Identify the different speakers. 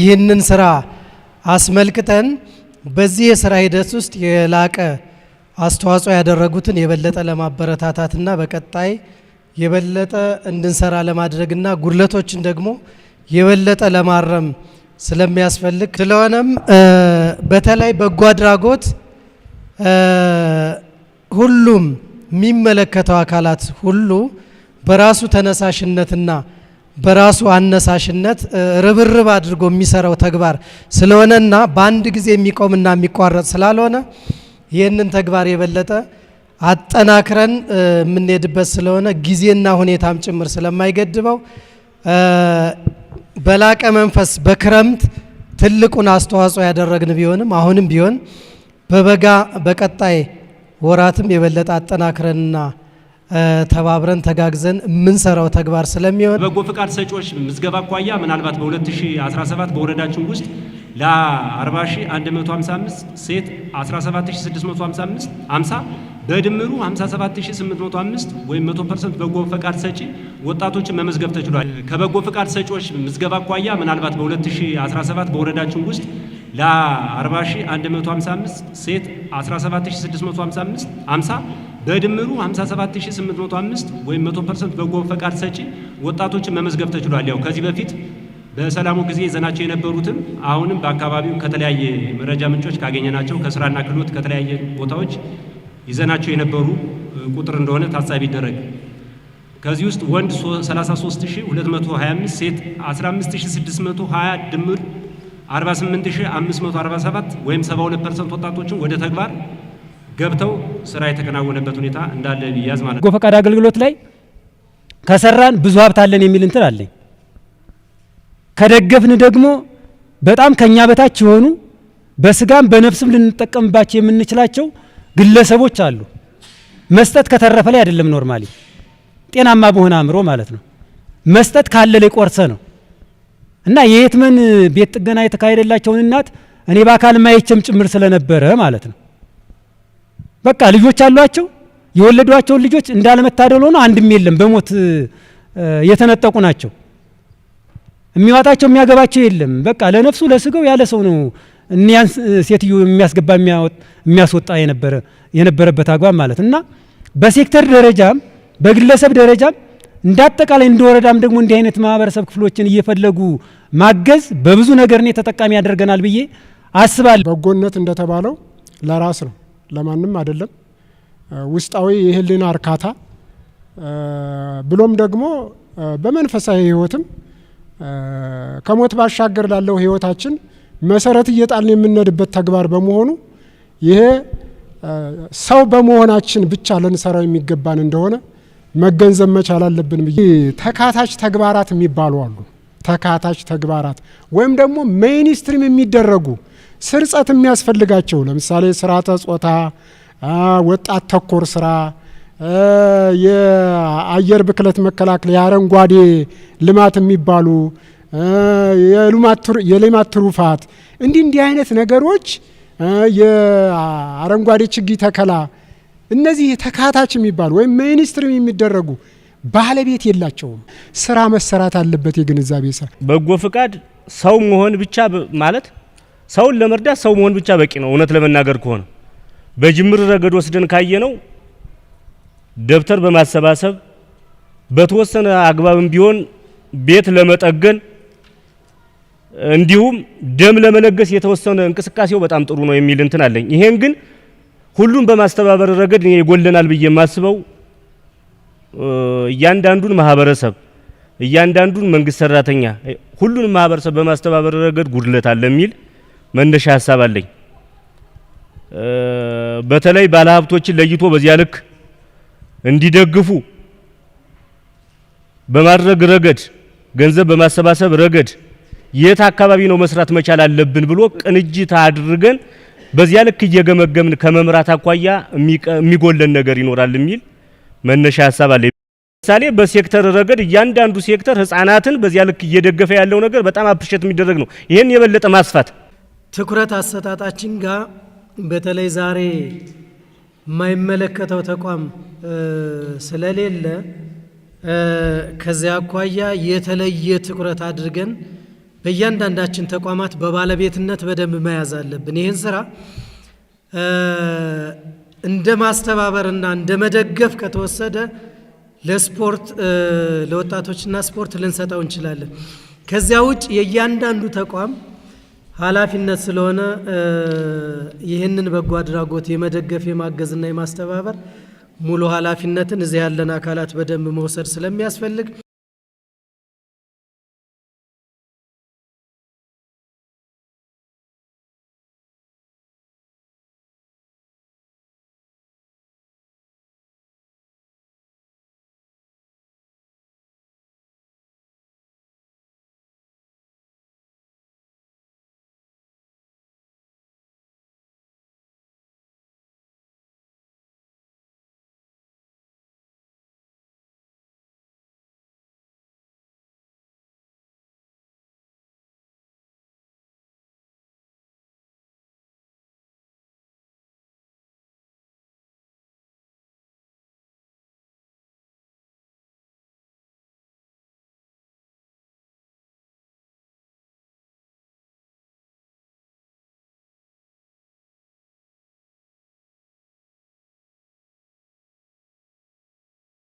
Speaker 1: ይህንን ስራ አስመልክተን በዚህ የስራ ሂደት ውስጥ የላቀ አስተዋጽኦ ያደረጉትን የበለጠ ለማበረታታትና በቀጣይ የበለጠ እንድንሰራ ለማድረግና ጉድለቶችን ደግሞ የበለጠ ለማረም ስለሚያስፈልግ ስለሆነም በተለይ በጎ አድራጎት ሁሉም የሚመለከተው አካላት ሁሉ በራሱ ተነሳሽነትና በራሱ አነሳሽነት ርብርብ አድርጎ የሚሰራው ተግባር ስለሆነና በአንድ ጊዜ የሚቆምና የሚቋረጥ ስላልሆነ ይህንን ተግባር የበለጠ አጠናክረን የምንሄድበት ስለሆነ ጊዜና ሁኔታም ጭምር ስለማይገድበው በላቀ መንፈስ በክረምት ትልቁን አስተዋጽኦ ያደረግን ቢሆንም አሁንም ቢሆን በበጋ በቀጣይ ወራትም የበለጠ አጠናክረንና ተባብረን ተጋግዘን የምንሰራው ተግባር ስለሚሆን
Speaker 2: በጎ ፍቃድ ሰጪዎች ምዝገባ አኳያ ምናልባት በ2017 በወረዳችን ውስጥ ለ40155 ሴት 17655 50 በድምሩ 57805 ወይም 100% በጎ ፈቃድ ሰጪ ወጣቶችን መመዝገብ ተችሏል። ከበጎ ፈቃድ ሰጪዎች ምዝገባ አኳያ ምናልባት በ2017 በወረዳችን ውስጥ ለ40155 ሴት 17655 በድምሩ 57805 ወይም 100% በጎ ፈቃድ ሰጪ ወጣቶችን መመዝገብ ተችሏል። ያው ከዚህ በፊት በሰላሙ ጊዜ ይዘናቸው የነበሩትም አሁንም በአካባቢው ከተለያየ መረጃ ምንጮች ካገኘናቸው ከስራና ክህሎት ከተለያየ ቦታዎች ይዘናቸው የነበሩ ቁጥር እንደሆነ ታሳቢ ይደረግ። ከዚህ ውስጥ ወንድ 33225 ሴት 15620 ድምር 48547 ወይም 72% ወጣቶችን ወደ ተግባር ገብተው ስራ የተከናወነበት ሁኔታ እንዳለ ቢያዝ ማለት
Speaker 3: ነው። ፈቃድ አገልግሎት ላይ ከሰራን ብዙ ሀብት አለን የሚል እንትን አለኝ። ከደገፍን ደግሞ በጣም ከኛ በታች የሆኑ በስጋም በነፍስም ልንጠቀምባቸው የምንችላቸው ግለሰቦች አሉ። መስጠት ከተረፈ ላይ አይደለም ኖርማሊ ጤናማ በሆነ አእምሮ ማለት ነው። መስጠት ካለ ላይ ቆርሰ ነው እና የየትመን ቤት ጥገና የተካሄደላቸውን እናት እኔ በአካል ማየቸም ጭምር ስለነበረ ማለት ነው። በቃ ልጆች አሏቸው። የወለዷቸውን ልጆች እንዳለመታደል ሆኖ አንድም የለም፣ በሞት የተነጠቁ ናቸው። የሚዋጣቸው የሚያገባቸው የለም። በቃ ለነፍሱ ለስጋው ያለ ሰው ነው እኒያን ሴትዮ የሚያስገባ የሚያስወጣ የነበረበት አግባብ ማለት እና በሴክተር ደረጃም በግለሰብ ደረጃም እንዳጠቃላይ እንደወረዳም ደግሞ እንዲህ አይነት ማህበረሰብ ክፍሎችን እየፈለጉ ማገዝ በብዙ ነገር እኔ ተጠቃሚ ያደርገናል ብዬ አስባለሁ።
Speaker 4: በጎነት እንደተባለው ለራስ ነው፣ ለማንም አይደለም። ውስጣዊ የህሊና እርካታ ብሎም ደግሞ በመንፈሳዊ ህይወትም ከሞት ባሻገር ላለው ህይወታችን መሰረት እየጣልን የምንሄድበት ተግባር በመሆኑ ይሄ ሰው በመሆናችን ብቻ ልንሰራው የሚገባን እንደሆነ መገንዘብ መቻል አለብን ብዬ ተካታች ተግባራት የሚባሉ አሉ። ተካታች ተግባራት ወይም ደግሞ ሜይንስትሪም የሚደረጉ ስርጸት የሚያስፈልጋቸው ለምሳሌ ስርዓተ ጾታ፣ ወጣት ተኮር ስራ፣ የአየር ብክለት መከላከል፣ የአረንጓዴ ልማት የሚባሉ የልማት ትሩፋት እንዲህ እንዲህ አይነት ነገሮች የአረንጓዴ ችግኝ ተከላ እነዚህ ተካታች የሚባሉ ወይም ሜይንስትሪም የሚደረጉ ባለቤት የላቸውም። ስራ መሰራት አለበት። የግንዛቤ ስራ
Speaker 3: በጎ ፍቃድ ሰው መሆን ብቻ ማለት ሰውን ለመርዳት ሰው መሆን ብቻ በቂ ነው። እውነት ለመናገር ከሆነ በጅምር ረገድ ወስደን ካየነው ደብተር በማሰባሰብ በተወሰነ አግባብም ቢሆን ቤት ለመጠገን እንዲሁም ደም ለመለገስ የተወሰነ እንቅስቃሴው በጣም ጥሩ ነው የሚል እንትን አለኝ። ይሄን ግን ሁሉም በማስተባበር ረገድ ይጎለናል ብዬ የማስበው እያንዳንዱን ማህበረሰብ እያንዳንዱን መንግስት ሰራተኛ ሁሉንም ማህበረሰብ በማስተባበር ረገድ ጉድለት አለ የሚል መነሻ ሀሳብ አለኝ። በተለይ ባለሀብቶችን ለይቶ በዚያ ልክ እንዲደግፉ በማድረግ ረገድ ገንዘብ በማሰባሰብ ረገድ የት አካባቢ ነው መስራት መቻል አለብን ብሎ ቅንጅት አድርገን በዚያ ልክ እየገመገምን ከመምራት አኳያ የሚጎለን ነገር ይኖራል የሚል መነሻ ሀሳብ አለ። ምሳሌ በሴክተር ረገድ እያንዳንዱ ሴክተር ህጻናትን በዚያ ልክ እየደገፈ ያለው ነገር በጣም አፕሪሼት የሚደረግ ነው። ይህን የበለጠ ማስፋት
Speaker 1: ትኩረት አሰጣጣችን ጋር በተለይ ዛሬ የማይመለከተው ተቋም ስለሌለ ከዚያ አኳያ የተለየ ትኩረት አድርገን በእያንዳንዳችን ተቋማት በባለቤትነት በደንብ መያዝ አለብን። ይህን ስራ እንደ ማስተባበርና እንደ መደገፍ ከተወሰደ ለስፖርት ለወጣቶችና ስፖርት ልንሰጠው እንችላለን። ከዚያ ውጭ የእያንዳንዱ ተቋም ኃላፊነት ስለሆነ ይህንን በጎ አድራጎት የመደገፍ የማገዝና የማስተባበር ሙሉ ኃላፊነትን እዚህ ያለን አካላት በደንብ መውሰድ ስለሚያስፈልግ